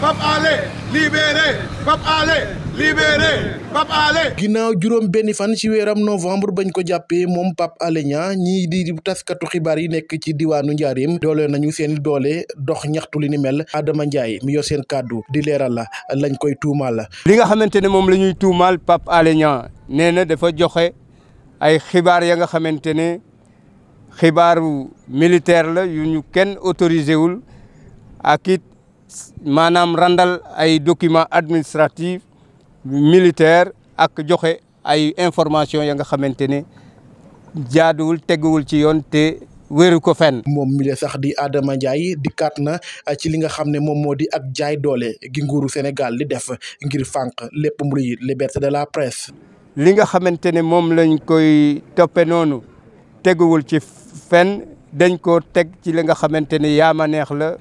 Pape Alé libéré Pape Alé libéré Pape Alé ginnaaw juróom benn fan ci weeram novembre bañ ko jàppe moom Pape Alé Niang ñii di taskatu xibaar yi nekk ci diwaanu Njaareem doole nañu seen doole dox ñaxtu li ni mel Adama Ndiaye mi yor seen kàddu di leeral lañ koy tuumaal. li nga xamante ne moom la ñuy tuumaal Pape Alé Niang nee na dafa joxe ay xibaar ya nga xamante ne xibaaru militaire la yu ñu kenn autorisé wul ak maanaam randal ay documents administratifs militaire ak joxe ay information ya nga xamante ne jaaduwul teguwul ci yoon te wéeru ko fenn. moom mi la sax di Adama Ndiaye dikkaat na ci li nga xam ne moom moo di ak jaay doole gi nguuru Sénégal li def ngir fànq lépp muy liberté de la presse. li nga xamante ne moom lañ koy toppe noonu teguwul ci fenn. dañ ko teg ci li nga xamante ne yaa ma neex la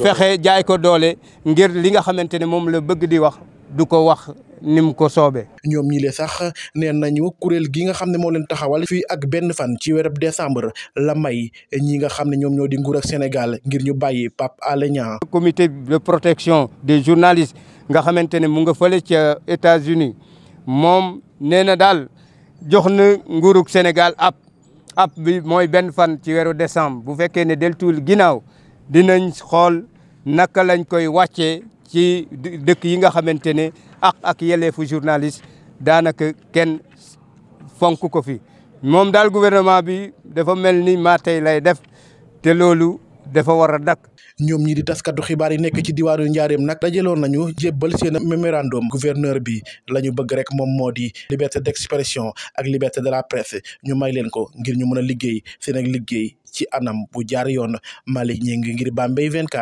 fexe jaay ko doole ngir li nga xamante ne moom la bëgg di wax du ko wax ni mu ko soobee. ñoom ñi le sax nee nañu kuréel gi nga xam ne moo leen wala fii ak benn fan ci weerab décembre la may ñi nga xam ne ñoom ñoo di nguur ak Sénégal ngir ñu bàyyi Pape Alé Niang. comité de protection des journalistes nga xamante ne mu nga fële ca États-Unis moom nee na daal jox na nguurug Sénégal ab ab bi mooy benn fan ci weeru décembre bu fekkee ne deltuwul ginnaaw dinañ xool naka lañ koy wàccee ci dëkk yi nga xamante ne ak ak yelleefu journaliste daanaka kenn fonk ko fi moom daal gouvernement bi dafa mel ni maa lay def te loolu dafa war a dakk ñoom ñi di taskatu xibaar yi nekk ci diwaanu njaareem nag dajaloon nañu jébbal seen mémorandum gouverneur bi la ñu bëgg rek moom moo di liberté d'expression ak liberté de la presse ñu may leen ko ngir ñu mën a liggéey seen ak liggéey ci anam bu jaar yoon Malick Gningue ngir Bambey 24